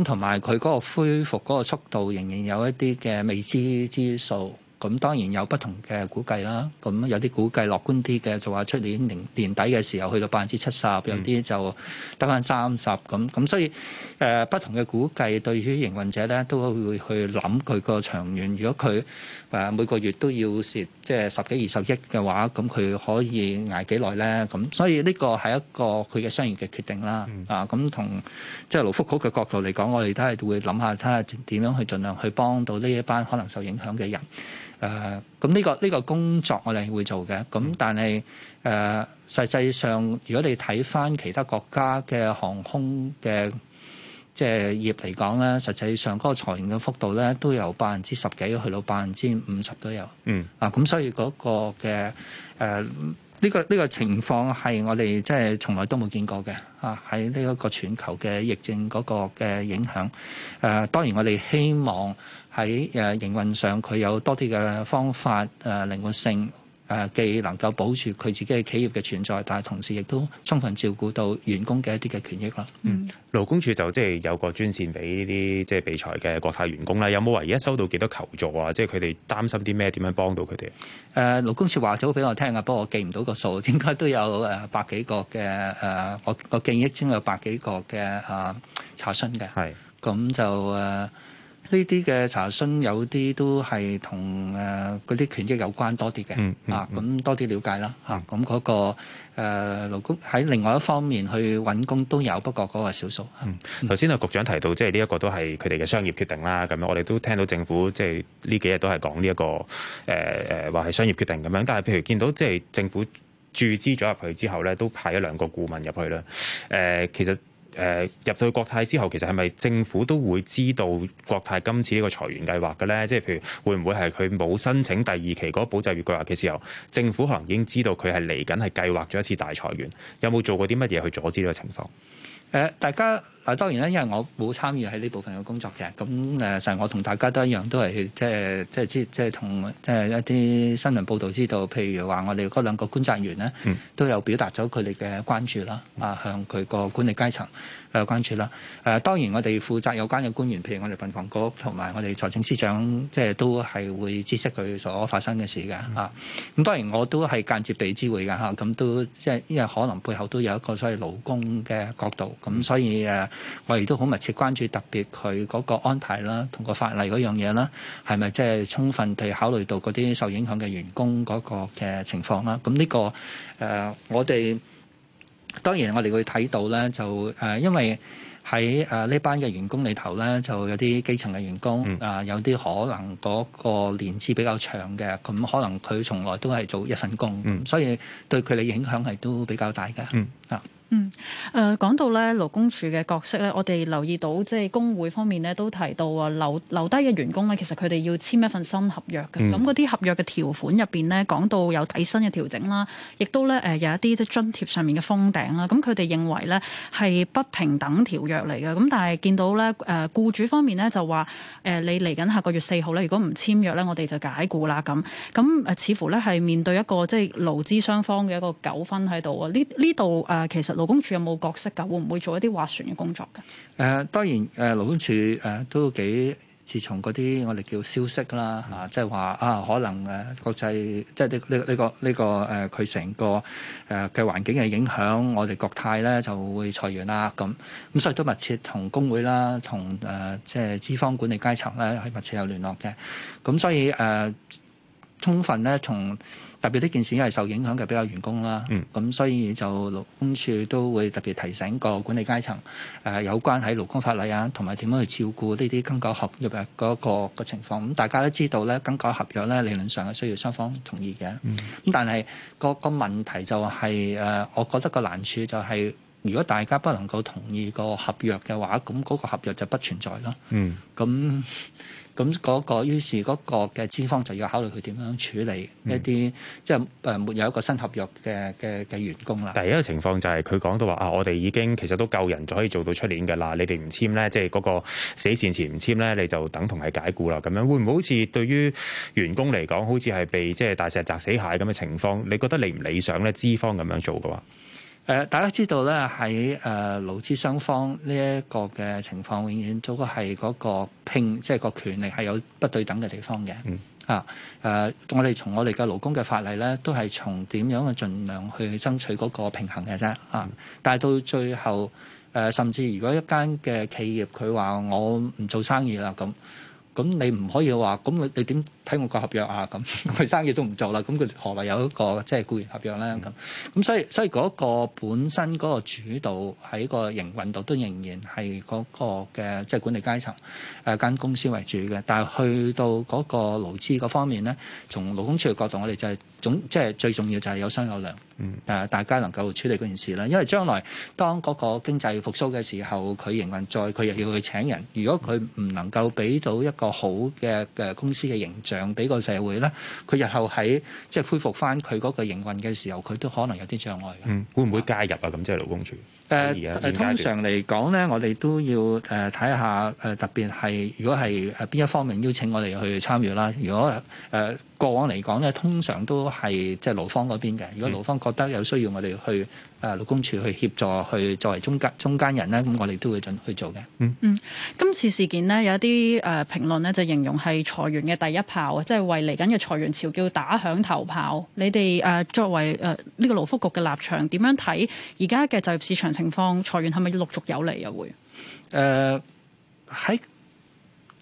咁同埋佢嗰個恢復嗰個速度仍然有一啲嘅未知之數，咁當然有不同嘅估計啦。咁有啲估計樂觀啲嘅就話出年年年底嘅時候去到百分之七十，有啲就得返三十咁。咁所以誒，不同嘅估計對於營運者咧都會去諗佢個長遠。如果佢誒每個月都要蝕，即係十幾二十億嘅話，咁佢可以捱幾耐呢？咁所以呢個係一個佢嘅商業嘅決定啦。嗯、啊，咁同即係勞福局嘅角度嚟講，我哋都係會諗下，睇下點樣去盡量去幫到呢一班可能受影響嘅人。誒、呃，咁呢、呢個呢、呢個工作我哋會做嘅。咁但係誒，實、呃、際上如果你睇返其他國家嘅航空嘅。即係業嚟講咧，實際上嗰個裁員嘅幅度咧，都由百分之十幾去到百分之五十都有。嗯啊、呃這個這個有。啊，咁所以嗰個嘅誒呢個呢個情況係我哋即係從來都冇見過嘅。啊，喺呢一個全球嘅疫症嗰個嘅影響。誒、啊，當然我哋希望喺誒、啊、營運上佢有多啲嘅方法誒、啊、靈活性，誒既能夠保住佢自己嘅企業嘅存在，但係同時亦都充分照顧到員工嘅一啲嘅權益啦。嗯，勞工處就即係有個專線俾呢啲即係被裁嘅國泰員工啦。有冇話而家收到幾多求助啊？即係佢哋擔心啲咩？點樣幫到佢哋？誒、呃，勞工處話咗俾我聽啊，不過我記唔到個數，應該都有誒百幾個嘅誒我個記憶中有百幾個嘅誒、啊、查詢嘅。係是，咁就誒。呃呢啲嘅查詢有啲都係同誒嗰啲權益有關多啲嘅，嗯嗯嗯嗯、啊咁多啲了解啦，嚇咁嗰個誒勞工喺另外一方面去揾工都有，不過嗰個少數。頭先啊，嗯、局長提到即係呢一個都係佢哋嘅商業決定啦，咁樣我哋都聽到政府即係呢幾日都係講呢一個誒誒話係商業決定咁樣，但係譬如見到即係、就是、政府注資咗入去之後咧，都派咗兩個顧問入去啦，誒、呃、其實。誒入到去國泰之後，其實係咪政府都會知道國泰今次呢個裁員計劃嘅咧？即係譬如會唔會係佢冇申請第二期嗰個保就業計劃嘅時候，政府可能已經知道佢係嚟緊係計劃咗一次大裁員？有冇做過啲乜嘢去阻止呢個情況？誒、呃，大家。啊，當然啦，因為我冇參與喺呢部分嘅工作嘅，咁誒，其實我同大家都一樣，都係即係即係即係同即係一啲新聞報道知道，譬如話我哋嗰兩個觀察員咧，嗯、都有表達咗佢哋嘅關注啦，啊、嗯，向佢個管理階層有關注啦。誒，當然我哋負責有關嘅官員，譬如我哋運房局同埋我哋財政司長，即係都係會知悉佢所發生嘅事嘅，咁、嗯、當然我都係間接被知會㗎。咁都即係因為可能背後都有一個所謂勞工嘅角度，咁、嗯、所以我亦都好密切關注，特別佢嗰個安排啦，同個法例嗰樣嘢啦，係咪即係充分地考慮到嗰啲受影響嘅員工嗰個嘅情況啦？咁呢個、呃、我哋當然我哋會睇到咧，就、呃、因為喺呢班嘅員工裏頭咧，就有啲基層嘅員工，啊、嗯，有啲可能嗰個年資比較長嘅，咁可能佢從來都係做一份工，嗯、所以對佢哋影響係都比較大嘅，嗯嗯，誒、呃、講到咧勞工處嘅角色咧，我哋留意到即係工會方面咧都提到話留留低嘅員工咧，其實佢哋要簽一份新合約嘅，咁嗰啲合約嘅條款入面咧講到有底薪嘅調整啦，亦都咧、呃、有一啲即係津貼上面嘅封頂啦，咁佢哋認為咧係不平等條約嚟嘅，咁但係見到咧誒僱主方面咧就話、呃、你嚟緊下，下個月四號咧，如果唔簽約咧，我哋就解僱啦咁，咁、呃、似乎咧係面對一個即係勞資雙方嘅一個糾紛喺度啊，呢呢度誒其實。勞工處有冇角色噶？會唔會做一啲斡旋嘅工作噶？誒，當然誒，勞工處誒都幾。自從嗰啲我哋叫消息啦，吓、嗯啊，即係話啊，可能誒、啊、國際即係呢呢呢個呢、這個誒，佢、這、成個誒嘅、呃、環境嘅影響，我哋國泰咧就會裁員啦。咁咁，所以都密切同工會啦，同誒、呃、即係資方管理階層咧係密切有聯絡嘅。咁所以誒，充、呃、分咧同。特別呢件事因為受影響嘅比較員工啦，咁、嗯、所以就勞工處都會特別提醒個管理階層，誒有關喺勞工法例啊，同埋點樣去照顧呢啲更改合約嗰個個情況。咁大家都知道咧，更改合約咧理論上係需要雙方同意嘅。咁、嗯、但係個、嗰個問題就係、係、誒，我覺得個難處就係、係，如果大家不能夠同意個合約嘅話，咁、嗰、嗰個合約就不存在咯。嗯，咁。咁嗰、嗰個於是嗰個嘅資方就要考慮佢點樣處理一啲、嗯、即係誒沒有一個新合約嘅嘅嘅員工啦。第一個情況就係佢講到話啊，我哋已經其實都夠人，就可以做到出年嘅啦。你哋唔簽咧，即係嗰個死線前唔簽咧，你就等同係解雇啦。咁樣會唔會好似對於員工嚟講，好似係被即係大石砸死蟹咁嘅情況？你覺得你唔理想咧？資方咁樣做嘅話？誒、呃，大家知道咧，喺誒、呃、勞資雙方呢一個嘅情況，永遠都係嗰個拼，即、就、係、是、個權力係有不對等嘅地方嘅。嗯、啊，誒、呃，我哋從我哋嘅勞工嘅法例咧，都係從點樣去盡量去爭取嗰個平衡嘅啫。啊，但係到最後，誒、呃，甚至如果一間嘅企業佢話我唔做生意啦，咁，咁你唔可以話，咁你你點？睇我個合約啊，咁佢生意都唔做啦，咁佢何來有一個即係僱員合約咧？咁咁、嗯、所以所以嗰個本身嗰個主導喺個營運度都仍然係嗰個嘅即係管理階層誒間、呃、公司為主嘅，但係去到嗰個勞資嗰方面咧，從勞工處嘅角度，我哋就係總即係、就是、最重要就係有商有量，誒、嗯、大家能夠處理嗰件事啦。因為將來當嗰個經濟復甦嘅時候，佢營運再佢又要去請人，如果佢唔能夠俾到一個好嘅嘅公司嘅形象。俾個社會咧，佢日後喺即係恢復翻佢嗰個營運嘅時候，佢都可能有啲障礙。嗯，會唔會介入啊？咁即係勞工處誒誒，通常嚟講咧，我哋都要誒睇下誒，特別係如果係誒邊一方面邀請我哋去參與啦。如果誒。呃過往嚟講咧，通常都係即係勞方嗰邊嘅。如果勞方覺得有需要我去，我哋去誒勞工處去協助，去作為中間中間人咧，咁我哋都會準去做嘅。嗯嗯，今次事件呢，有一啲誒、呃、評論呢，就形容係裁員嘅第一炮啊，即係為嚟緊嘅裁員潮叫打響頭炮。你哋誒、呃、作為誒呢、呃呢個勞福局嘅立場，點樣睇而家嘅就業市場情況？裁員係咪陸續有嚟又會誒？係、呃。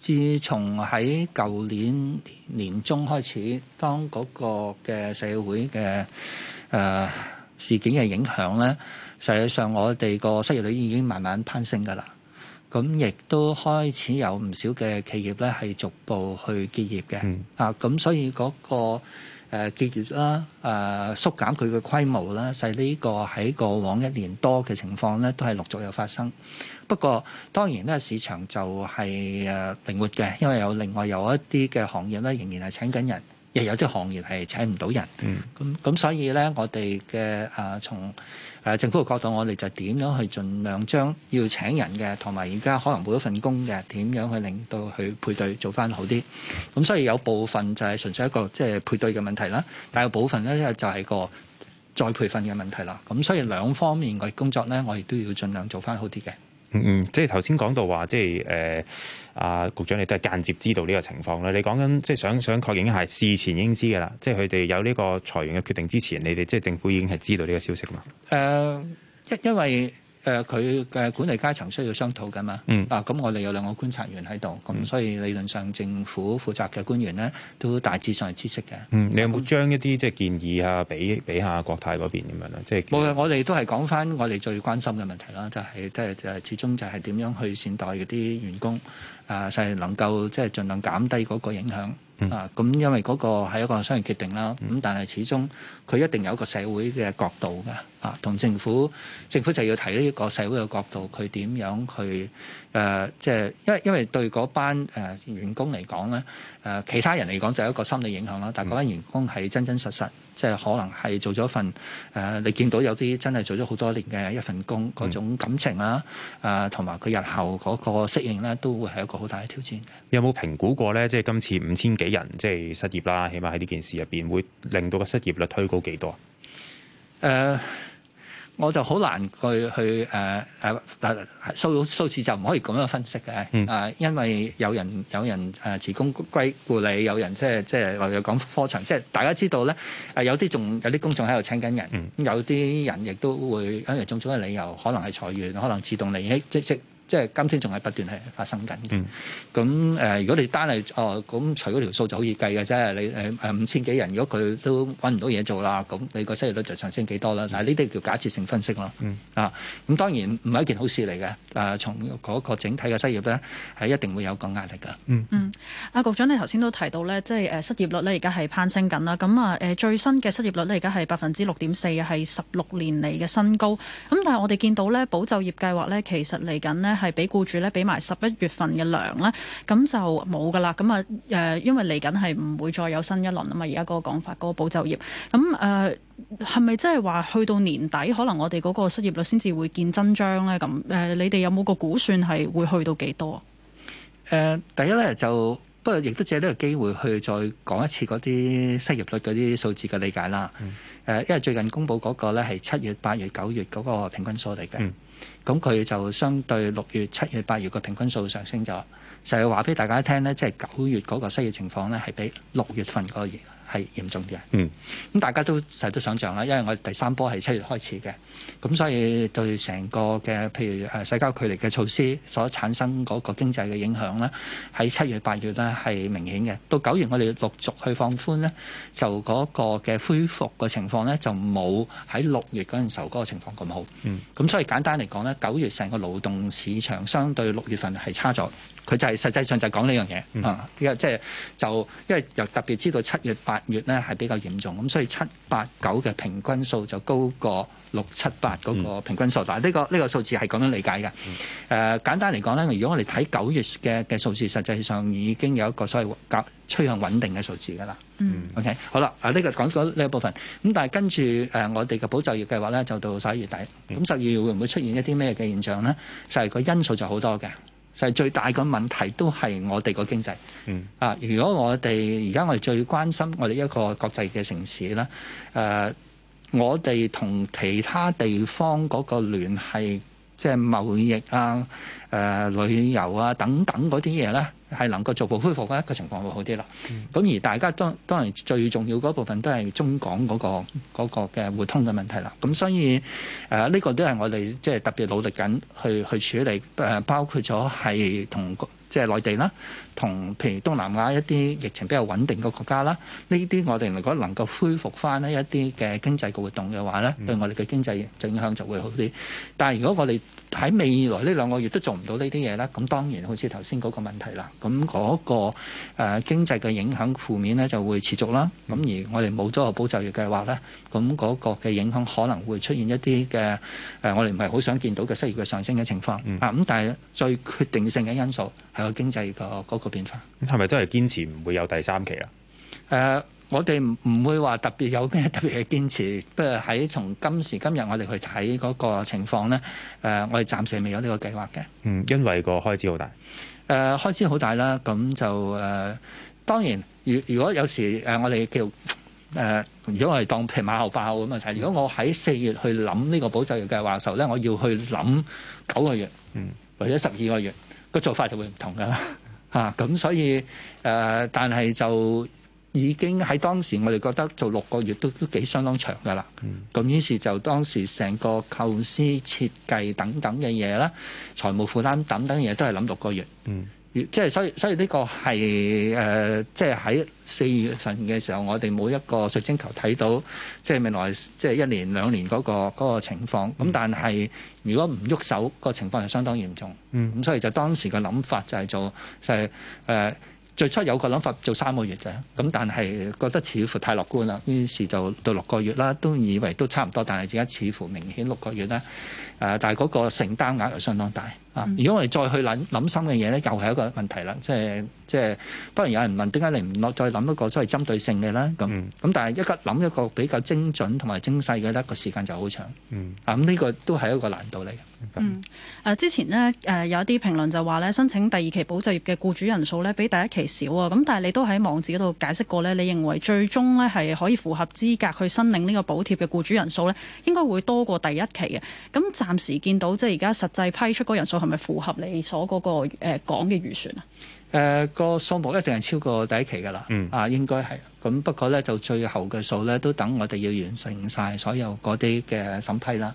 自從喺舊年年中開始，當嗰個嘅社會嘅誒、呃、事件嘅影響咧，實際上我哋個失業率已經慢慢攀升㗎啦。咁亦都開始有唔少嘅企業咧係逐步去結業嘅。嗯、啊，咁所以嗰、嗰個。誒結業啦，誒縮減佢嘅規模啦，係呢個喺過往一年多嘅情況咧，都係陸續有發生。不過當然咧，市場就係誒靈活嘅，因為有另外有一啲嘅行業咧，仍然係請緊人。又有啲行業係請唔到人，咁咁、嗯、所以咧，我哋嘅誒從誒、呃、政府嘅角度，我哋就點樣去盡量將要請人嘅，同埋而家可能冇咗份工嘅，點樣去令到去配對做翻好啲？咁所以有部分就係純粹一個即係、就是、配對嘅問題啦，但有部分咧就係個再培訓嘅問題啦。咁所以兩方面嘅工作咧，我哋都要盡量做翻好啲嘅。嗯，即係頭先講到話，即係誒，阿、啊、局長你都係間接知道呢個情況啦。你講緊即係想想確認係事前已經知噶啦，即係佢哋有呢個裁員嘅決定之前，你哋即係政府已經係知道呢個消息嘛？誒、呃，因因為。誒佢嘅管理階層需要商討㗎嘛，啊咁我哋有兩個觀察員喺度，咁所以理論上政府負責嘅官員咧都大致上係知悉嘅。嗯，你有冇將一啲即係建議啊，俾俾下國泰嗰邊咁樣咧？即係冇啊，我哋都係講返我哋最關心嘅問題啦，就係即係就係始終就係點樣去善待嗰啲員工啊，係能夠即係儘量減低嗰個影響。嗯、啊，咁因為嗰個係一個商業決定啦，咁但係始終佢一定有一個社會嘅角度嘅，啊，同政府政府就要睇呢個社會嘅角度，佢點樣去誒、即、呃、係、就是、因為因為對嗰班誒員工嚟講咧，誒、呃呃、其他人嚟講就係一個心理影響啦，但係嗰班員工係真真實實。即係可能係做咗份誒、呃，你見到有啲真係做咗好多年嘅一份工嗰種感情啦，誒同埋佢日後嗰個適應咧，都會係一個好大嘅挑戰。有冇評估過咧？即係今次五千幾人即係失業啦，起碼喺呢件事入邊會令到個失業率推高幾多啊？呃我就好難去去誒誒，數數字就唔可以咁樣分析嘅。誒、嗯呃，因為有人有人誒辭工歸故里，有人即係即係又講科層，即係大家知道咧，誒、呃、有啲仲有啲公眾喺度請緊人，嗯、有啲人亦都會因為種種嘅理由，可能係裁員，可能自動離職即即即係今天仲係不斷係發生緊嘅。咁誒、嗯，如果你單係哦咁除咗條數就好易計嘅啫。你誒誒五千幾人，如果佢都揾唔到嘢做啦，咁你個失業率就上升幾多啦？嗱呢啲叫假設性分析咯。嗯、啊，咁當然唔係一件好事嚟嘅。誒、啊，從嗰個整體嘅失業咧，係一定會有個壓力㗎。阿、嗯、局長你頭先都提到咧，即係誒失業率咧而家係攀升緊啦。咁啊誒最新嘅失業率咧而家係百分之六點四，係十六年嚟嘅新高。咁但係我哋見到咧，保就業計劃咧，其實嚟緊呢。係俾僱主咧，俾埋十一月份嘅糧咧，咁就冇噶啦。咁啊，誒、呃，因為嚟緊係唔會再有新一輪啊嘛。而家嗰個講法，嗰、嗰個保就業咁誒，係咪即係話去到年底，可能我哋嗰個失業率先至會見真章咧？咁誒、呃，你哋有冇個估算係會去到幾多？誒、呃，第一咧就不如亦都借呢個機會去再講一次嗰啲失業率嗰啲數字嘅理解啦。誒、嗯，因為最近公布嗰個咧係七月、八月、九月嗰個平均數嚟嘅。嗯咁佢就相對六月、七月、八月個平均數上升咗，就係話俾大家聽咧，即係九月嗰個失業情況咧，係比六月份嗰月，係嚴重啲嘅，咁、嗯、大家都成日都想象啦。因為我哋第三波係七月開始嘅，咁所以對成個嘅譬如誒啊、社交距離嘅措施所產生嗰個經濟嘅影響咧，喺七月八月咧係明顯嘅。到九月我哋陸續去放寬咧，就嗰個嘅恢復嘅情況咧就冇喺六月嗰陣時候嗰個情況咁好。咁、嗯、所以簡單嚟講咧，九月成個勞動市場相對六月份係差咗。佢就係、是、實際上就係講呢樣嘢啊！即係、嗯嗯、就、是、就因為又特別知道七月、八月咧係比較嚴重，咁所以七八九嘅平均數就高過六七八嗰個平均數。但係呢個呢、這個數字係咁樣理解嘅。誒、嗯呃、簡單嚟講咧，如果我哋睇九月嘅嘅數字，實際上已經有一個所謂趨向穩定嘅數字㗎啦。嗯。OK，好啦，啊、這、呢個講咗呢一部分。咁但係跟住誒我哋嘅保就業計劃咧，就到十一月底。咁十二月會唔會出現一啲咩嘅現象咧？就係、是、個因素就好多嘅。就係最大個問題，都係我哋個經濟。啊，如果我哋而家我哋最關心我哋一個國際嘅城市啦，誒，我哋同其他地方嗰個聯繫，即係貿易啊、誒、呃、旅遊啊等等嗰啲嘢咧。係能夠逐步恢復嘅一個情況會好啲啦。咁、嗯、而大家當當然最重要嗰部分都係中港嗰、嗰個嘅互通嘅問題啦。咁所以誒呢、呃呢個都係我哋即係特別努力緊去去處理誒、呃，包括咗係同即係內地啦。同譬如東南亞一啲疫情比較穩定嘅國家啦，呢啲我哋如果能夠恢復翻呢一啲嘅經濟嘅活動嘅話咧，對我哋嘅經濟影響就會好啲。但係如果我哋喺未來呢兩個月都做唔到呢啲嘢，呢咁當然好似頭先嗰個問題啦。咁嗰個誒經濟嘅影響負面咧就會持續啦。咁而我哋冇咗個保就業計劃咧，咁嗰個嘅影響可能會出現一啲嘅誒我哋唔係好想見到嘅失業嘅上升嘅情況啊。咁但係最決定性嘅因素係個經濟個嗰。個變化係咪都係堅持唔會有第三期啊？誒、呃，我哋唔唔會話特別有咩特別嘅堅持，不過喺從今時今日我哋去睇嗰個情況咧。誒、呃，我哋暫時未有呢個計劃嘅。嗯，因為個開支好大。誒、呃，開支好大啦。咁就誒、呃，當然，如如果有時誒，我哋叫誒，如果我係當譬馬後炮咁樣睇，如果我喺四月去諗呢個保就業計劃嘅時候咧，我要去諗九個月，嗯，或者十二個月，個做法就會唔同噶啦。啊，咁所以誒、呃，但係就已經喺當時，我哋覺得做六個月都都幾相當長㗎啦。咁、嗯、於是就當時成個構思設計等等嘅嘢啦，財務負擔等等嘢都係諗六個月。嗯即係所以這，所以呢個係誒，即係喺四月份嘅時候，我哋冇一個水晶球睇到，即係未來即係、就是、一年兩年嗰、嗰個嗰個情況。咁但係如果唔喐手，個情況係相當嚴重。咁所以就當時嘅諗法就係做就係、是、誒、呃，最初有個諗法做三個月嘅，咁但係覺得似乎太樂觀啦，於是就到六個月啦，都以為都差唔多，但係而家似乎明顯六個月啦。誒，但係嗰個承擔額又相當大啊！嗯、如果我哋再去諗諗深嘅嘢呢又係一個問題啦。即係即係，當然有人問點解你唔落再諗一個所謂針對性嘅啦？咁咁、嗯，但係一間諗一個比較精準同埋精細嘅呢個時間就好長。嗯、啊，咁、這、呢個都係一個難度嚟嘅、嗯啊。之前呢，誒有啲評論就話呢申請第二期保就業嘅僱主人數呢比第一期少啊。咁但係你都喺網址嗰度解釋過呢你認為最終呢係可以符合資格去申領呢個補貼嘅僱主人數呢，應該會多過第一期嘅。咁暫時見到即係而家實際批出嗰人數係咪符合你所嗰、那個誒、呃、講嘅預算啊？誒、呃，那個數目一定係超過第一期㗎啦，嗯、啊應該係。咁不過咧，就最後嘅數咧，都等我哋要完成晒所有嗰啲嘅審批啦。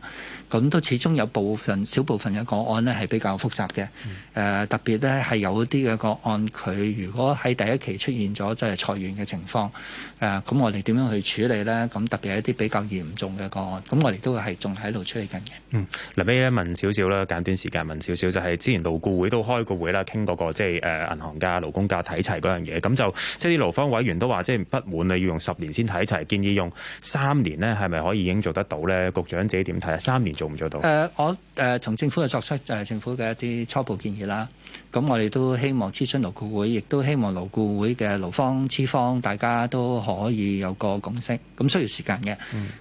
咁都始終有部分少部分嘅個案咧，係比較複雜嘅、嗯呃。特別咧，係有啲嘅個案，佢如果喺第一期出現咗即係裁員嘅情況，咁、呃、我哋點樣去處理咧？咁特別係一啲比較嚴重嘅個案，咁我哋都係仲喺度處理緊嘅。嗯，嗱，俾一問少少啦，簡短，短時間問少少，就係、是、之前勞顧會都開個會啦，傾嗰個即係銀行家、勞工界睇齊嗰樣嘢，咁就即係啲勞方委員都話，即係滿啊！要用十年先睇齊，建議用三年咧，係咪可以已經做得到咧？局長自己點睇啊？三年做唔做到？誒、呃，我誒、呃、從政府嘅作出就係誒、呃、政府嘅一啲初步建議啦。咁我哋都希望諮詢勞顧會，亦都希望勞顧會嘅勞方、資方，大家都可以有個共識。咁需要時間嘅。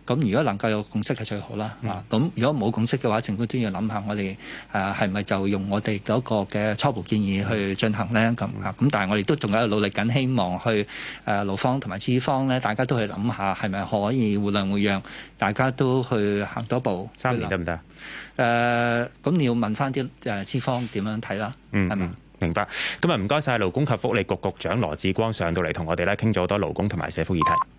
咁如果能夠有共識，就最好啦。咁如果冇共識嘅話，政府都要諗下，我哋誒係咪就用我哋嗰個嘅初步建議去進行呢？咁咁但係我哋都仲喺度努力緊，希望去誒勞方同埋資方咧，大家都去諗下係咪可以互諒互讓。大家都去行多步三年得唔得啊？咁、呃、你要問翻啲誒資方點樣睇啦。嗯，係嘛、嗯、明白咁啊？唔該晒勞工及福利局局長羅致光上到嚟同我哋咧傾咗好多勞工同埋社福議題。